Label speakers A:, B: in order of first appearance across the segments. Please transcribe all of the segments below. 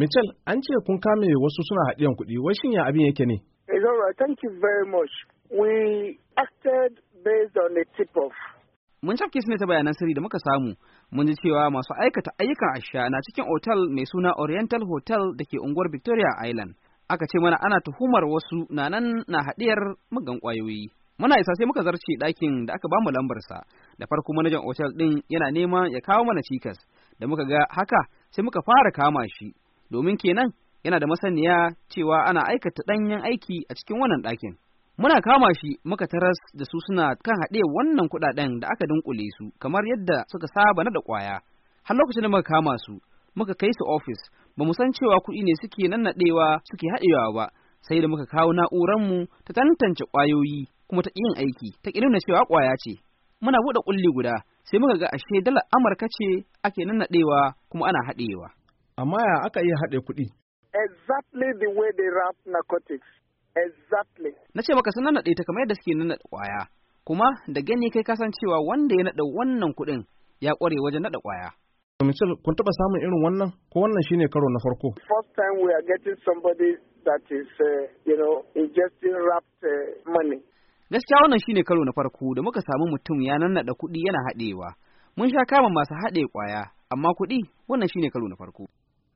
A: Mitchell, an ce kun kame wasu suna haɗiyan kuɗi, wai shin ya abin yake ne?
B: It's all right. Thank you very much. We acted based on a tip-off.
A: Mun shafke su ne ta bayanan sirri da muka samu. Mun ji cewa masu aikata ayyukan asha na cikin otal mai suna Oriental Hotel da ke unguwar Victoria Island. Aka ce mana ana tuhumar wasu na nan na haɗiyar mugan ƙwayoyi. muna isa sai muka zarce ɗakin da aka bamu lambarsa da farko manajan otal ɗin yana neman ya kawo mana cikas da muka ga haka sai muka fara kama shi domin kenan yana da masaniya cewa ana aikata ɗanyen aiki a cikin wannan ɗakin. Muna kama shi muka taras da su suna kan haɗe wannan kuɗaɗen da aka dunƙule su kamar yadda suka saba na da ƙwaya. Har lokacin da muka kama su, muka kai su ofis, ba mu san cewa kuɗi ne suke nannaɗewa suke haɗewa ba, sai da muka kawo na'uranmu ta tantance ƙwayoyi kuma ta yin aiki, ta ƙi cewa ƙwaya ce. Muna buɗe ƙulli guda, sai muka ga ashe dalar Amurka ce ake nannaɗewa kuma ana haɗewa. Amma ya aka iya haɗe kuɗi?
B: Exactly the way they wrap narcotics. Exactly.
A: Na ce maka suna naɗe ta kamar yadda suke nuna ƙwaya. Kuma da gani kai san cewa wanda ya naɗa wannan kuɗin ya ƙware wajen naɗa ƙwaya.
B: Mitchell, kun taɓa samun irin wannan ko wannan shine karo na farko? First time we are getting somebody that is, uh, you know, ingesting wrapped uh,
A: money. Gaskiya wannan shine karo na farko da muka samu mutum ya naɗa kuɗi yana haɗewa. Mun sha kama masu haɗe ƙwaya, amma kuɗi wannan shine karo na farko.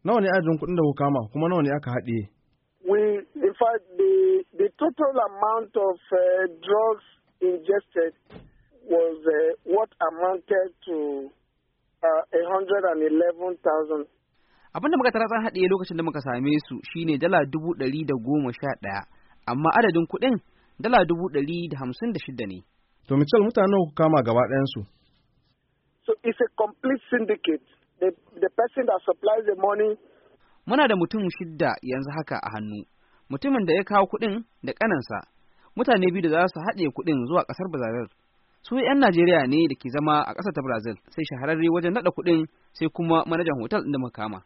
A: nawa ne ajin kuɗin
B: da kuka kama kuma nawa ne aka haɗe.
A: we in fact the, the total amount
B: of uh, drugs ingested was uh, what amounted to uh, 111,000
A: abin da muka tara tsan lokacin da muka same su shine dala dubu ɗari da goma sha ɗaya amma adadin kuɗin dala dubu ɗari da hamsin da shida ne.
B: To Mitchell mutanen ku kama gaba ɗayansu. So it's a complete syndicate. person that supplies the money.
A: Muna da mutum shidda yanzu haka a hannu, mutumin da ya kawo kuɗin da ƙanansa, mutane biyu da za su haɗe kuɗin zuwa ƙasar Brazil. Su 'yan Najeriya ne da ke zama a ƙasar ta Brazil, sai shahararre wajen naɗa kuɗin sai kuma manajan hotel ɗin da muka kama.